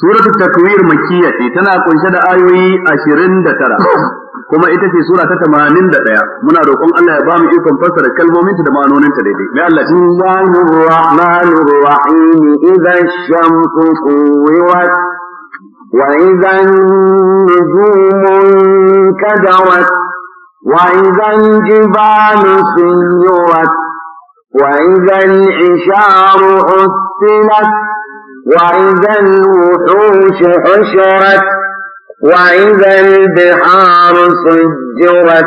suratul takwir makkiya ce tana kunshe da ayoyi 29 kuma ita ce sura ta 81 muna roƙon Allah ya ba mu ikon fassara kalmomin ta da ma'anonin ta daidai mai Allah Allahur rahmanur rahim idza shamsu kuwirat wa idza nujumun kadarat wa idza jibalu sunyurat wa idza al-isharu ustilat وإذا الوحوش حشرت وإذا البحار سجرت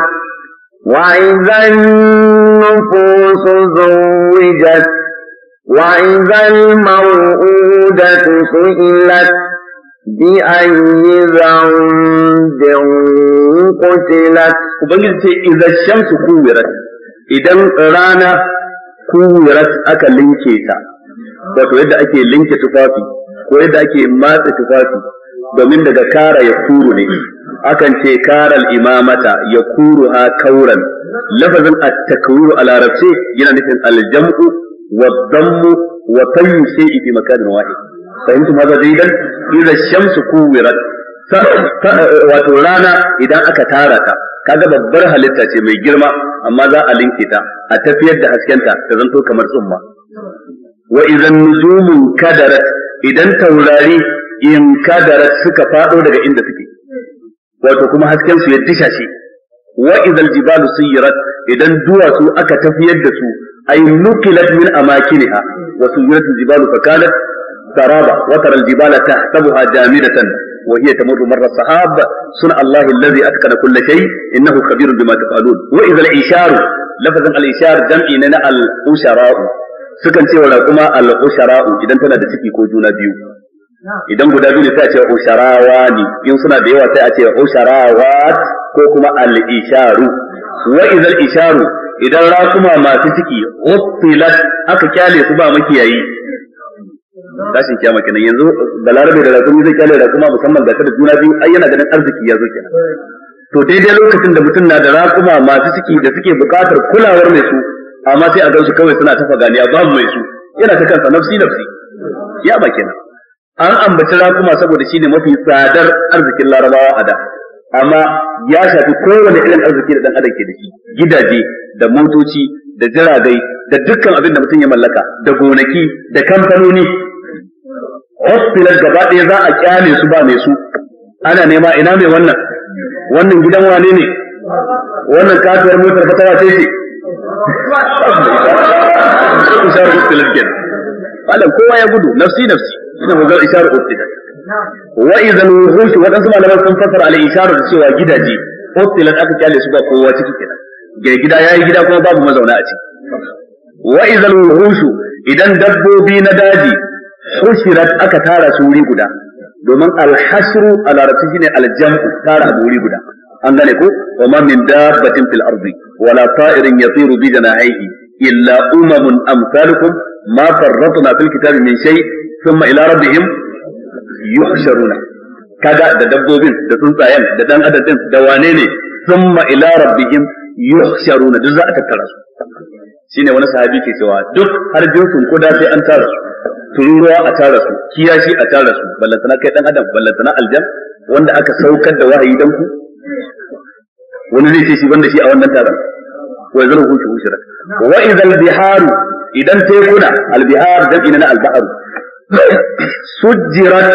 وإذا النفوس زوجت وإذا الموءودة سئلت بأي ذنب قتلت وبنجد إذا الشمس كورت إذا رانا كورت أكلين كيتا wato yadda ake linke tufafi ko yadda ake matsa tufafi domin daga kara ya kuru ne akan ce kara imamata ya kuru ha kauran lafazin at-takruru a larabce yana nufin aljam'u wa dammu wa tayyu shay'i fi makanin wahid fahimtum hadha dalilan idza shamsu kuwirat wato rana idan aka tara ta kaga babbar halitta ce mai girma amma za a linke ta a tafiyar da haskenta ta zanto kamar tsumma وإذا النجوم انكدرت إذا أنت ولالي انكدرت سكفاتو لك عند فكي وتكما هاتكن سيدشاشي وإذا الجبال سيرت إذا دواتو أكا تفيدتو أي نقلت من أماكنها وسيرت الجبال فكانت ترابا وترى الجبال تحسبها جامدة وهي تمر مر الصحاب صنع الله الذي أتقن كل شيء إنه خبير بما تفعلون وإذا الإشار لفظ الإشار جمع لنا الأشراء sukan ce wa raƙuma al-ushara'u idan tana da ciki ko juna biyu idan guda biyu ne sai a ce usharawani in suna da yawa sai a ce usharawat ko kuma al-isharu wa idhal isharu idan raƙuma masu ciki uttilat aka kyale su ba makiyayi tashin kiyama kenan yanzu balarabe da raƙumi zai kyale kuma musamman ga da juna biyu ai yana ganin arziki ya zo kenan to daidai lokacin da mutum na da raƙuma masu ciki da suke buƙatar kulawar mai su amma sai a gansu kawai suna tafa ganiya babu mai su yana ta kansa nafsi nafsi ya ba kenan an ambaci rakuma saboda shine mafi tsadar arzikin larabawa a da amma ya shafi kowane irin arziki da dan adam ke da shi gidaje da motoci da jiragai da dukkan abin da mutum ya mallaka da gonaki da kamfanoni hospital gaba ɗaya za a kyale su ba mai su ana nema ina mai wannan wannan gidan wane ne wannan katuwar motar fatara ce ce isharu ukhtilaf kenan malam kowa ya gudu nafsi nafsi ina magar isharu ukhtilaf wa idan wuhush wadansu malaman sun fasara al isharu da cewa gidaje ukhtilaf aka kyale su ba kowa ciki kenan gida gida yayi gida kuma babu mazauna a ciki wa idan wuhush idan dabbobi na daji hushirat aka tara su wuri guda domin al-hasru a larabci shine al tara a wuri guda an gane ko wa ma min dabbatin fil ardi wala ta'irin yatiru bi janahihi illa umamun amsalukum ma farratna fil kitabi min shay thumma ila rabbihim yuhsharuna kaga da dabbobin da tsuntsayen da dan adadin da wane ne thumma ila rabbihim yuhsharuna duk za a tattara su shine wani sahabi ke cewa duk har jinsun koda sai an tara su tururuwa a tara su kiyashi a tara su ballantana kai dan adam ballantana aljan wanda aka saukar da wahayi dan ku wani zai ce shi banda shi a wannan taron wa yazal hushu hushra wa idhal biharu idan tekuna albihar dan ina na albahar sujjirat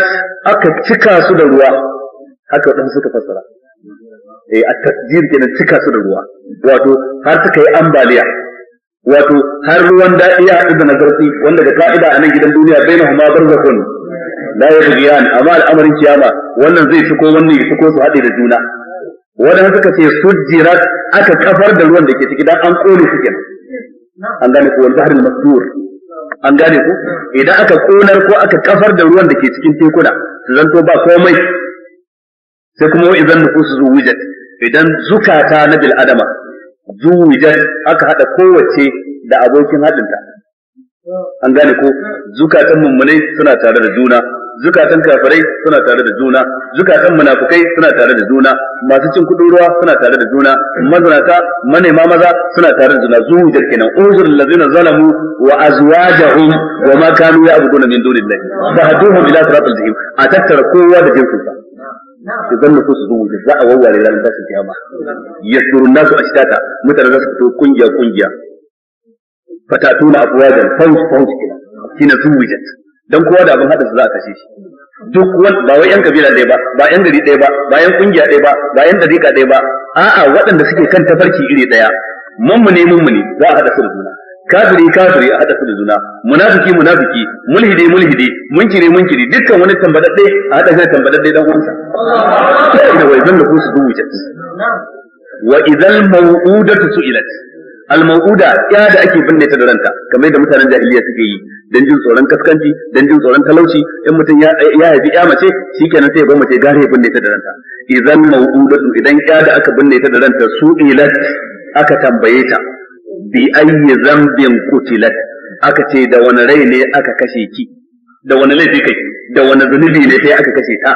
aka cika su da ruwa haka wadansu suka fassara eh a tasjir kenan cika su da ruwa wato har suka yi ambaliya wato har ruwan daɗi ya haɗu da nazarci wanda da ka'ida a nan gidan duniya bai na huma barzakun la ya bugiyan amma al'amarin kiyama wannan zai fiko wannan ya fiko su haɗe da juna wadanda suka ce sujjirat aka kafar da ruwan da ke ciki dan an kone su kenan an gane ko wanda harin masdur an gane ko idan aka konar ko aka kafar da ruwan da ke cikin tekuna su zanto ba komai sai kuma idan nufusu wujat, idan zukata na bil adama wujat aka hada kowace da abokin hadinta an gane ko zukatan mummunai suna tare da juna zukatan kafirai suna tare da juna zukatan munafukai suna tare da juna masu cin kudin ruwa suna tare da juna mazanata manema maza suna tare da juna zuwa kenan uzur allazina zalamu wa azwajahum wa ma kanu ya'buduna min dunillahi hadduhum ila siratil jahim a tattara kowa da jinsinsa su zan ku su zuwa za a wawware ranar tashin kiyama ya nasu a shitata mutane za su fito kungiya kungiya fatatuna afwajan fawz fawz kina shine zuwijat dan kowa da abin hada su za a kashe shi duk wani ba wai yan kabila ɗaya ba ba yan gari ɗaya ba ba yan kungiya ɗaya ba ba yan dariƙa ɗaya ba a'a waɗanda suke kan tafarki iri ɗaya mummune mummune za a hada su da juna kafiri kafiri a hada su da juna munafiki munafiki mulhidi mulhidi munkiri munkiri dukkan wani tambadadde a hada shi da tambadadde dan uwansa ina wai zan da ku su duwuce wa idal maw'udatu su'ilat al-mau'uda ya da ake binne ta da ranta kamar yadda mutanen jahiliya suke yi dan jin tsoron kaskanci dan jin tsoron talauci in mutum ya ya haifi ya mace shikenan sai ya bar mace gare ya binne ta da ranta idan mau'udatu idan ya da aka binne ta da ranta su ilat aka tambaye ta bi ayyi zambin kutilat aka ce da wani rai ne aka kashe ki da wani laifi kai da wani zunubi ne sai aka kashe ta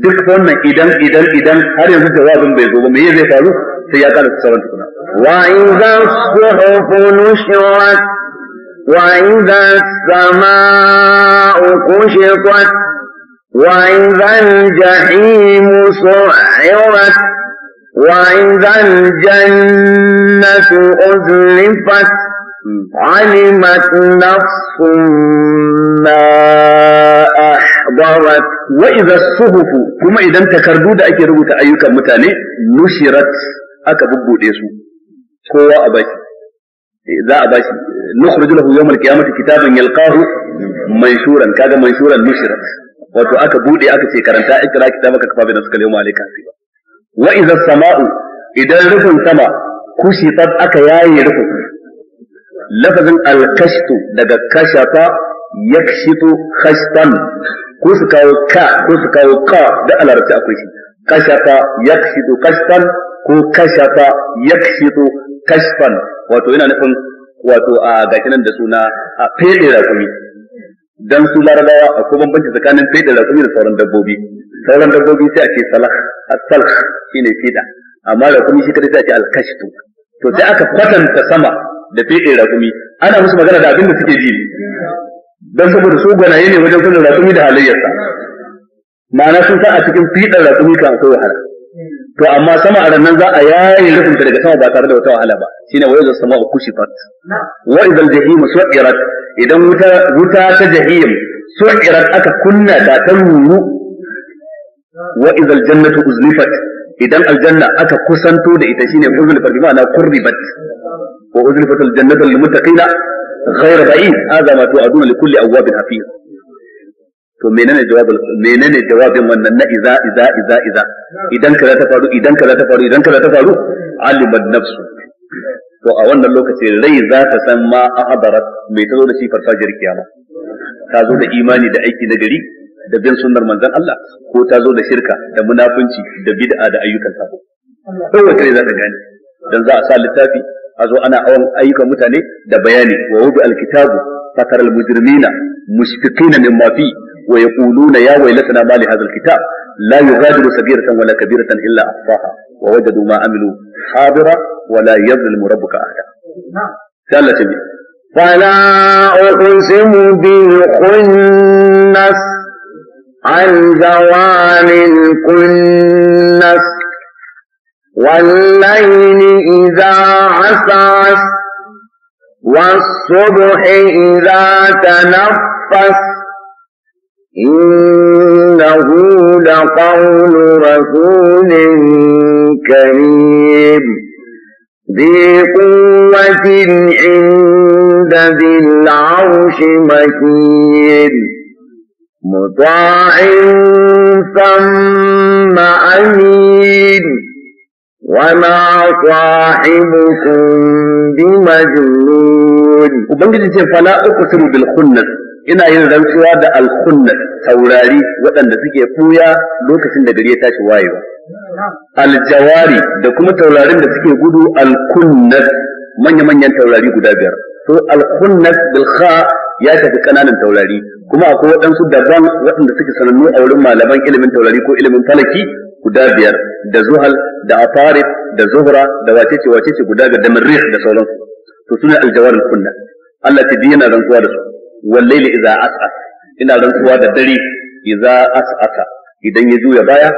duk wannan idan idan idan har yanzu jawabin bai zo ba me zai faru sai ya kara sauran tukuna wa idza suhufu nushrat wa idza samaa'u kushitat wa idza al-jahimu su'irat wa idza al-jannatu uzlifat علمت نفس ما أحضرت وإذا الصحف كما إذا أنت كردود أي كربوت أيك متاني نشرت أكببو ديسو كوا أباسي إذا أباسي نخرج له يوم القيامة كتابا يلقاه منشورا كذا منشورا نشرت وتو أكبو دي أكسي كرنتا إكرا كتابك كفا بنفسك اليوم عليك وإذا السماء إذا رفن سما كشطت أكياي رفن لفظ الكشط لقى كشط yakshitu khashfan ko su kawo ka ko su kawo ka da alarci akwai shi kashafa yakshitu kashfan ko kashafa yakshitu kashfan wato yana nufin wato a gashi nan da suna a fede rakumi dan su larabawa akwai bambanci tsakanin fede rakumi da sauran dabbobi sauran dabbobi sai a ce salah as-salh shine fida amma rakumi shi kadai sai a ce al-kashfu to sai aka kwatanta sama da fede rakumi ana musu magana da abin da suke ji Don saboda su gwanaye ne wajen sanin ratsumi da halayyarsa ma'ana sun san a cikin fiɗar ratsumi kan akwai wahala to amma sama a nan za a yayin rufin daga sama ba tare da wata wahala ba shine wa yadda sama kushifat wa idal jahim su'irat idan wuta wuta ta jahim su'irat aka kunna ta ta nuru wa idal jannatu uzlifat idan aljanna aka kusanto da ita shine uzlifat bi na qurribat wa uzlifat aljannatu lil muttaqina ghayra ba'id hadha ma tu'aduna li kulli awwabin hafiz to menene jawabin wannan na iza iza iza iza idan kaza ta faru idan kaza ta faru idan kaza ta to a wannan lokaci rai za ta san ma ahdarat mai ta zo da shi farfajiyar kiyama ta zo da imani da aiki na gari da bin sunnar manzon Allah ko ta zo da shirka da munafunci da bid'a da ayyukan sabo kowace rai za ta gane dan za a sa littafi azo ana awon ayyukan mutane da bayani wa wudu alkitabu fatar almujrimina mushfiqina mimma fi wa yaquluna ya waylatana ma li hadha alkitab la yughadiru sabiratan wala kabiratan illa ahsaha wa wajadu ma amilu hadira wala yadhlimu rabbuka ahada ثالثا فلا أقسم بالخنس عن الكنس والليل إذا عسعس والصبح إذا تنفس إنه لقول رسول كريم ذي قوة عند ذي العرش مكين مطاع ثم أمين وما صاحبكم بمجنون وبنجد فلا أقسم بالخنس ina yin rantsuwa da alkunna taurari waɗanda suke fuya lokacin da gari ya tashi wayewa aljawari da kuma taurarin da suke gudu alkunna manya-manyan taurari guda biyar so alkunnas bilkha ya tafi kananan taurari kuma akwai waɗansu daban waɗanda suke sanannu a wurin malaman ilimin taurari ko ilimin falaki guda biyar da zuhal da atarif da zuhra da wacece wacece guda biyar da marrih da sauransu to suna aljawar kunna Allah ta yana rantsuwa da su wallaili idza as'as ina rantsuwa da dare idza as'asa idan ya juya baya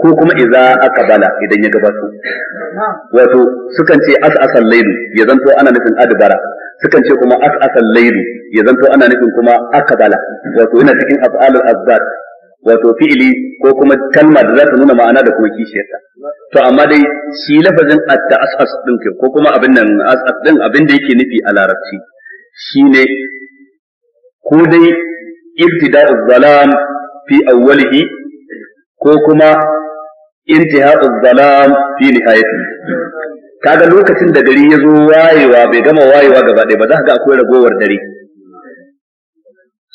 ko kuma idza aqbala idan ya gabato wato sukan ce as'asal lailu ya zanto ana nufin adbara sukan ce kuma as'asal lailu ya zanto ana nufin kuma aqbala wato yana cikin af'alul azzat wato fi'ili ko kuma kalma da za ta nuna ma'ana da kuma kishiyarta to amma dai shi lafazin atta as'as din ko kuma abin nan as'as din abin da yake nufi a larabci shine ko dai ibtida'u zalam fi awwalihi ko kuma intiha'u zalam fi nihayati kaga lokacin da gari ya zo wayewa bai gama wayewa gaba ɗaya ba za ka ga akwai ragowar dare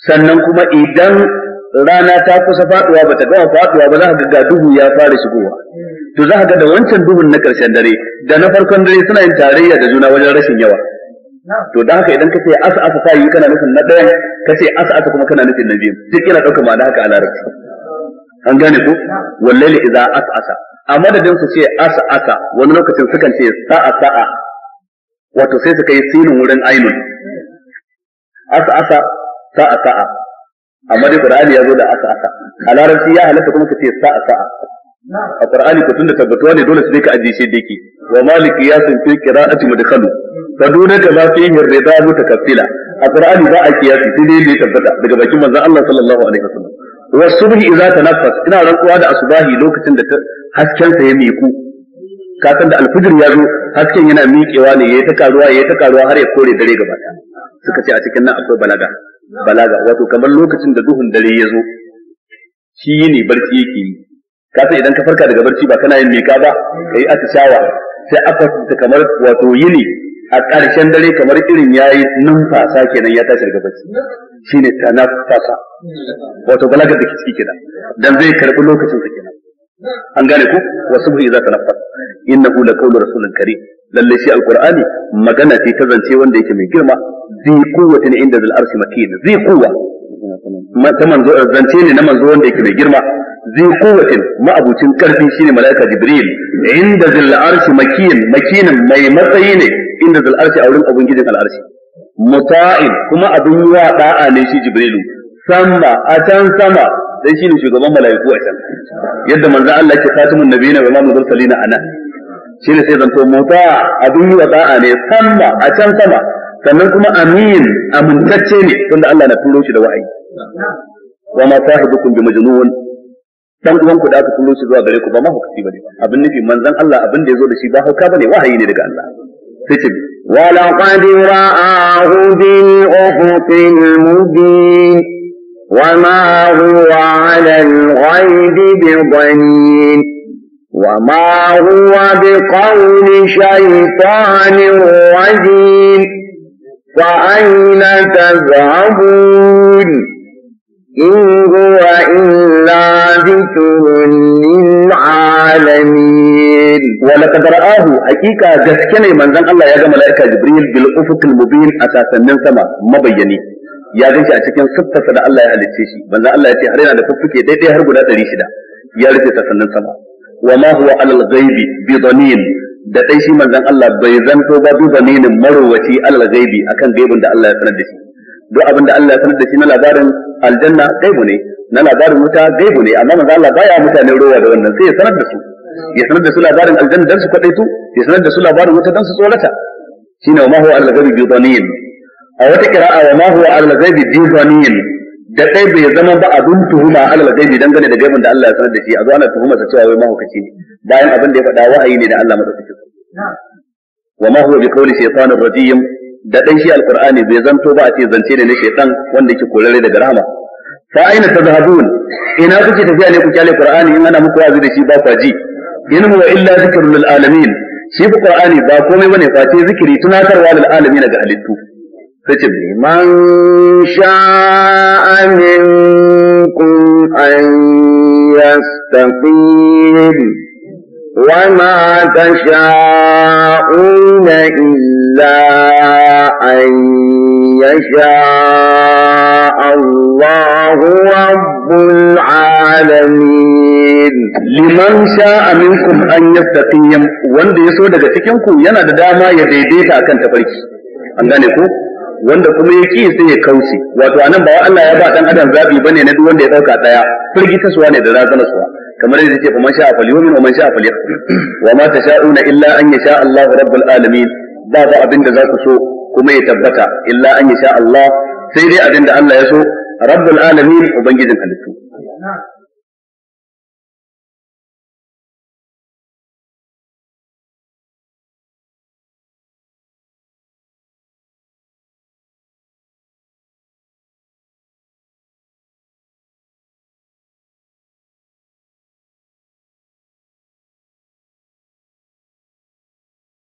sannan kuma idan rana ta kusa faduwa bata gama faduwa ba za ka ga duhu ya fara shigowa to za ka ga da wancan duhun na karshen dare da na farkon dare suna yin tarayya da juna wajen rashin yawa to da haka idan kace asa asa ta yi kana nufin na ɗaya kace asa asa kuma kana nufin na biyu duk yana ɗaukar ma'ana haka a larabci an gane ko wallahi idza asa asa a madadin su ce asa asa wani lokacin sukan ce sa'a sa'a wato sai su kai sinin wurin ainun asa asa sa'a sa'a amma dai qur'ani ya zo da aka aka a larabci ya halatta kuma ka ce sa'a sa'a a qur'ani ko tunda tabbatuwa ne dole sai ka ajiye shi da wa maliki ya san fi qira'ati mudkhalu kaduna kama fihi rida mutakaffila a qur'ani ba a kiyasi sai dai ne tabbata daga bakin manzon Allah sallallahu alaihi wasallam wa subhi idza tanaffas ina rantsuwa da asubahi lokacin da hasken sa ya miku ka san da alfijir ya zo hasken yana miƙewa ne yayi ta karuwa yayi ta karuwa har ya kore dare gaba suka ce a cikin nan akwai balaga balaga wato kamar lokacin da duhun dare ya zo shi ne barci yake yi ka san idan ka farka daga barci ba kana yin mika ba kai atishawa sai aka ta kamar wato yini a ƙarshen dare kamar irin yayi numfasa kenan ya tashi daga barci shine nafasa. wato balaga da ciki kenan dan zai karbi lokacin sa kenan an gane ku wasu bu idza tanaffas innahu laqawlu sunan karim lalle shi alqur'ani magana ce ta zance wanda yake mai girma zai zi ne inda zal arshi makin zai quwwa ta manzo zance ne na manzo wanda yake mai girma zi quwwatin ma'abucin karfi shine malaika jibril inda zal arshi makin makin mai matsayi ne inda zal arshi a wurin ubangijin al arshi muta'in kuma abin yi wa da'a ne shi jibrilu sama a can sama dan shine shugaban malaiku a can yadda manzo Allah ya ce khatamun nabiyina wa imamul mursalin anan shi ne sai zanto mota abin yi wa ta'a ne sama a can sama sannan kuma amin amintacce ne tunda Allah na turo shi da wa'ayi wa ma sahibukum bi majnun dan uwan ku da aka turo shi zuwa gare ku ba ma hukaci bane abin nufi manzon Allah abin da yazo da shi ba hauka bane wahayi ne daga Allah sai ce ولقد رآه بالأفق المبين وما هو على الغيب بضنين وما هو بقول شيطان رجيم فأين تذهبون إن هو إلا ذكر للعالمين ولقد رآه حقيقة جسكني من ذن الله يجمع ملائكة جبريل بالأفق المبين أساسا من سما مبيني ya gan shi a cikin siffarsa da Allah ya halicce shi manzo Allah ya ce har yana da fuffuke daidai har guda 600 ya rufe sassanin sama wa ma huwa alal ghaibi bi da dai shi manzon Allah bai zanto ba bi dhaninin marwaci alal ghaibi akan gaibin da Allah ya sanar da shi duk abin da Allah ya sanar da shi na labarin aljanna gaibu ne na labarin wuta gaibu ne amma manzon Allah baya mutane rowa da wannan sai ya sanar da su ya sanar da su labarin aljanna dan su kwadaitu ya sanar da su labarin wuta dan su tsorata shine wa ma huwa alal ghaibi bi dhanin a wata kira'a wa ma huwa alal ghaibi bi dhanin da dai bai zama ba abin tuhuma alal gaibi dangane da gaibin da Allah ya sanar da shi a zo ana tuhuma sa cewa wai mahaukaci ne bayan abin da ya faɗa wa'ayi ne da Allah madaukakin wa ma huwa bi qawli shaytanir rajim da dai shi alqur'ani bai zanto ba a ce zance ne na shaytan wanda yake korare daga rahama fa aina tadhhabun ina kuke tafiya ne ku kyale qur'ani in ana muku wazi da shi ba ku ji in huwa illa zikrul lil alamin shi qur'ani ba komai bane face zikiri tunatarwa lil alamin ga halittu tace liman sha'a minkum an yastaqim wa ma tasha'una illa an yasha الله رب liman sha'a minkum an yastaqim wanda yaso daga cikinku, yana da dama ya daidaita a kan tafarki an gane ko wanda kuma ya ki sai ya kauce wato anan ba Allah ya ba dan adam zabi bane na duk wanda ya dauka daya firgitaswa ne da suwa. kamar yadda yake faman sha'a falyumin wa man sha'a wa ma tasha'una illa an yasha Allahu rabbul alamin ba ba abin da za ku so kuma ya tabbata illa an yasha Allah sai dai abin da Allah ya so rabbul alamin ubangijin halittu